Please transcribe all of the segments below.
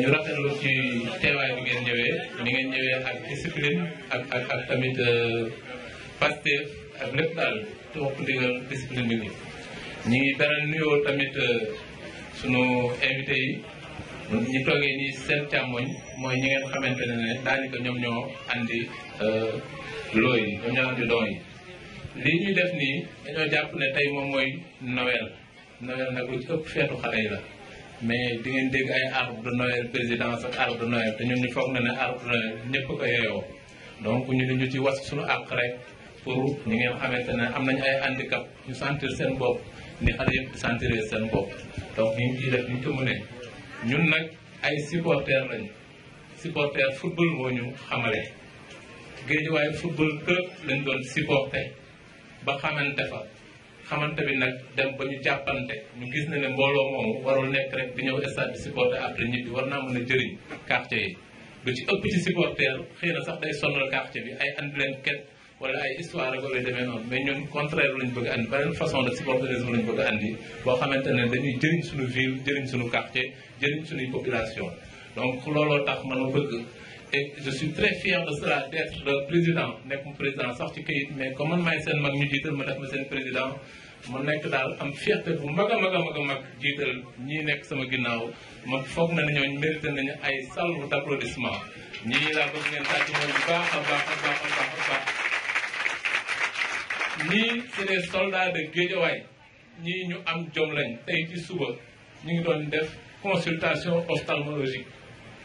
ñu rafetlu ci teewaay bi ngeen ñëwee ni ngeen ñëwee ak discipline ak ak ak tamit Pastef ak lépp daal topp ndigal discipline bi ñu ngi beral nuyoo tamit sunu invité yi ñu toogee nii seen càmmoñ mooy ñi ngeen xamante ne ne daanaka ñoom ñoo andi loo yi ñoom ñoo andi don yi. lii ñuy def nii dañoo jàpp ne tey moom mooy Noël Noël nag lu ëpp feetu xale yi la. mais di ngeen dégg ay arbre de Noël présidence ak arbre de Noël te ñun ñu foog na ne arbre de Noël ñëpp ko yeyoo donc ñu ne ñu ci was suñu àq rek pour ñi ngeen xamante ne am nañ ay handicap ñu sentir seen bopp ni xale yëpp di sentir seen bopp donc ñu ngi ciy def ñu ko mënee ñun nag ay supporters lañu supporters football moo ñu xamale géej waaye football club lañ doon supporter ba xamante fa. xamante bi nag dem ba ñu jàppante ñu gis ne ne mbooloo moomu warul nekk rek di ñëw stade bi supporter après ñibbi war naa mën a jëriñ quartier yi lu ci ëpp ci supporter xëy na sax day sonal quartier bi ay and leen ket wala ay histoire ak yooyu demee noonu mais ñun contraire lañ bëgg a andi beneen façon de supporterisme lañ bëgg a andi boo xamante ne dañuy jëriñ suñu ville jëriñ suñu quartier jëriñ suñuy population donc looloo tax man ma bëgg et je suis très fier de cela d'être le président président mais comme man je mag président je suis fier de vous, bu mag c'est les soldats de vous ni ñu am jom lañ vous ci suba consultation ophtalmologique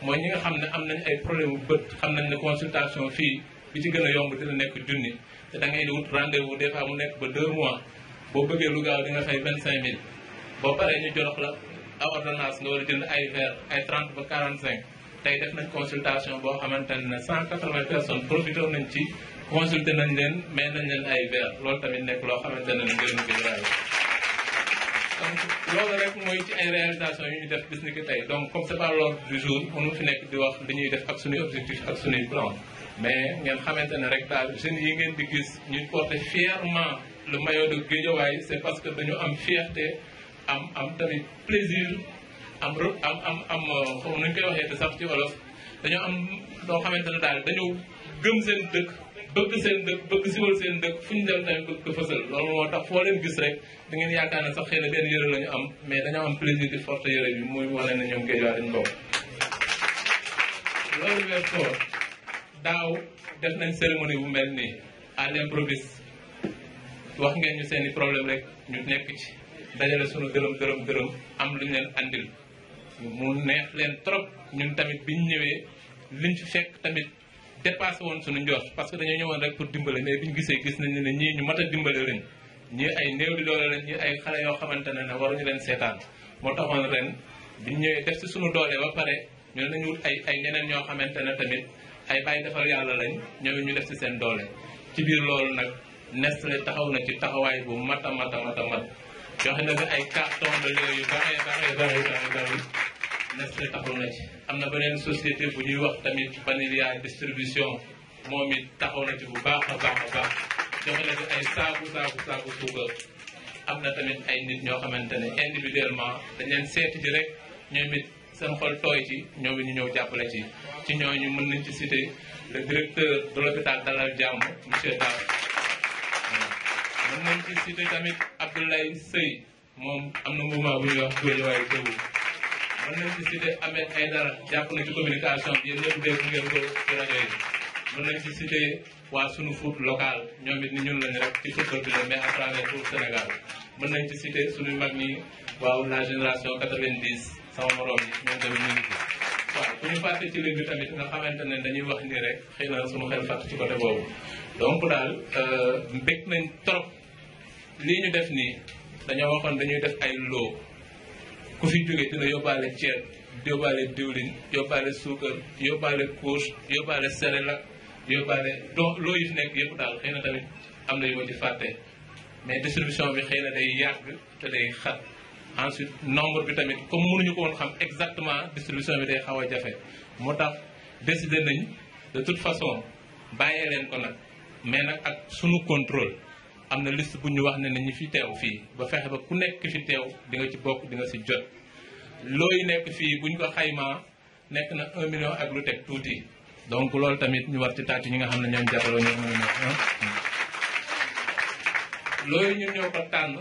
mooy ñi nga xam ne am nañ ay problème bu bët xam nañ ne consultation fii bi ci gën a yomb dina nekk junni te da ngay wut rendez-vous des fois mu nekk ba deux mois boo bëggee lu gaaw di nga fay vingt cinq mille boo paree ñu jox la aw ordonnance nga war a jënd ay verre ay trente ba quarante cinq tey def nañ consultation boo xamante ne cent quatre vingt personnes profité nañ ci consulté nañ leen may nañ leen ay verre loolu tamit nekk loo xamante donc loolu rek mooy ci ay réalisation yu ñu def bis ni ki tey donc comme c'est pas l'ordre du jour mënu fi nekk di wax li ñuy def ak suñuy objectif ak suñuy plan mais ngeen xamante ne rek daal jeunes yi ngeen di gis ñu porter fièrement le maillot de Guédiawaye c'est parce que dañu am fierté am am tamit plaisir am am am am xaw euh, nuñ koy waxee te sax ci wolof dañu am loo xamante ne daal dañu gëm seen dëkk bëgg seen dëkk bëgg siwal seen dëkk fu dem tamit bëgg ko fësal loolu moo tax foo leen gis rek da ngeen yaakaar ne sax xëy na benn yëre la am mais dañoo am plaisir di forte yëre bi muy wane ne ñoom géej waa dañ loolu weer koo daaw def nañ cérémonie bu mel nii à wax ngeen ñu seen i problème rek ñu nekk ci dajale sunu am leen andil mu neex leen trop ñun tamit biñ ñëwee liñ fekk tamit dépassé woon suñu njort parce que dañoo ñëwoon rek pour dimbale mais bi ñu gisee gis nañ ne ñii ñu mat a dimbale lañ ñii ay néew doole lañ ñii ay xale yoo xamante ne ne waruñu leen seetaan moo taxoon ren bi ñu def si suñu doole ba pare ñun nañu wut ay ay ñeneen ñoo xamante ne tamit ay bàyyi defar yàlla lañ ñoom ñu def si seen doole ci biir loolu nag Nestlé taxaw na ci taxawaay bu mat a mat a mat a mat joxe na fi ay carton de lait yu bare bare bare bare Nestlé taxaw na ci am na beneen société bu ñuy wax tamit Banilia distribution moom it taxaw na ci bu baax a baax a baax joxe na ci ay saaku saaku saaku suukar am na tamit ay nit ñoo xamante ne individuellement dañ seeti ji rek ñoom it seen xool tooy ci ñoom ñu ñëw jàppale ci ci ñooñu mën nañ ci site le directeur de l'hôpital Dalal Jàmm monsieur Dar mën ci citer tamit Abdoulaye Seye moom am na moment bu ñuy wax Guédiawaye Debout mën nañ cité Ahmed Aydara jàpp na ci communication bi yéen ñëpp dégg ngeen ko ci rajo yi mën nañ ci cité waa sunu foot local ñoom it ni ñun lañ rek ci football bi la mais à travers tout Sénégal mën nañ ci cité suñu mag ni waaw la génération 90 sama morom yi ñoom tamit ñu ngi fi waaw bu ñu fàtte ci léegi tamit nga xamante ne dañuy wax ni rek xëy na suñu xel fàtt ci côté boobu donc daal mbég euh, nañ trop lii ñu def nii dañoo waxoon dañuy def ay loo ku fi jógee dina yóbbaale ceeb yóbbaale diwlin yóbbaale suukar yóbbaale couche yóbbaale céréales yóbbaale doo loo yi fi nekk yëpp daal xëy tamit am na yu ma di fàtte mais distribution bi xëy na day yàgg te day xat ensuite nombre bi tamit comme mënuñu ko woon xam exactement distribution bi day xaw a jafe moo tax décider nañ de toute façon bàyyee leen ko nag mais nag ak sunu contrôle am na liste bu ñu wax ne nañu fi teew fii ba fexe ba ku nekk fi teew di nga ci bokk dinga nga si jot looy nekk fii bu ñu ko xaymaa nekk na un million ak lu teg tuuti donc loolu tamit ñu war ci tàcc ñi nga xam ne ñoom jàppaloo ñoo mën looyu ñun ñoo ko tànn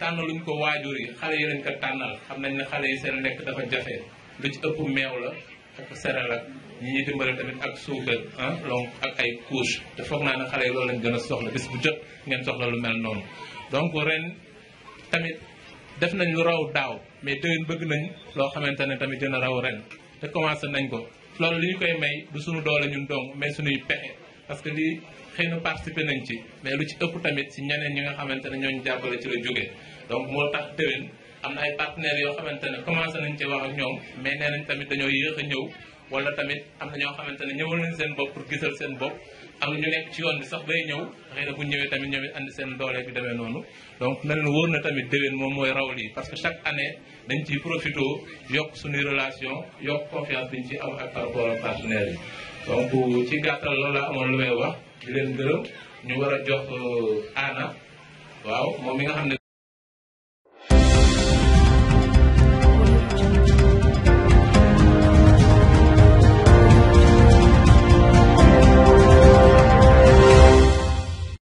tànn luñ ko waajur yi xale yi lañ ko tànnal xam nañ ne xale yi seen nekk dafa jafe lu ci ëpp meew la ak serel ak ñi ñuy dimbale tamit ak suukar ah donc ak ay couche te foog naa ne xale yi loolu lañ gën a soxla bis bu jot ngeen soxla lu mel noonu donc ren tamit def nañ lu raw daaw mais déwén bëgg nañ loo xamante ne tamit dina raw ren te commencé nañ ko loolu li ñu koy may du suñu doole ñun dong mais suñuy pexe parce que lii xëy na participer nañ ci mais lu ci ëpp tamit si ñeneen ñi nga xamante ne ñooñu jàppale ci la jógee donc moo tax déwén am na ay partenaires yoo xamante ne commencé nañ ci wax ak ñoom mais nee nañ tamit dañoo yéex a ñëw wala tamit am na ñoo xamante ne ñëwal nañ seen bopp pour gisal seen bopp am na ñu nekk ci yoon bi sax bay ñëw xëy bu ñëwee tamit ñoom it andi seen doole bi demee noonu donc mel na wóor na tamit déwén moom mooy raw lii parce que chaque année dañ ciy profité yokk suñuy relation yokk confiance biñ ci am ak par rapport ak yi donc ci gàttal loolu laa amoon lu may wax di leen gërëm ñu war a jox euh, aana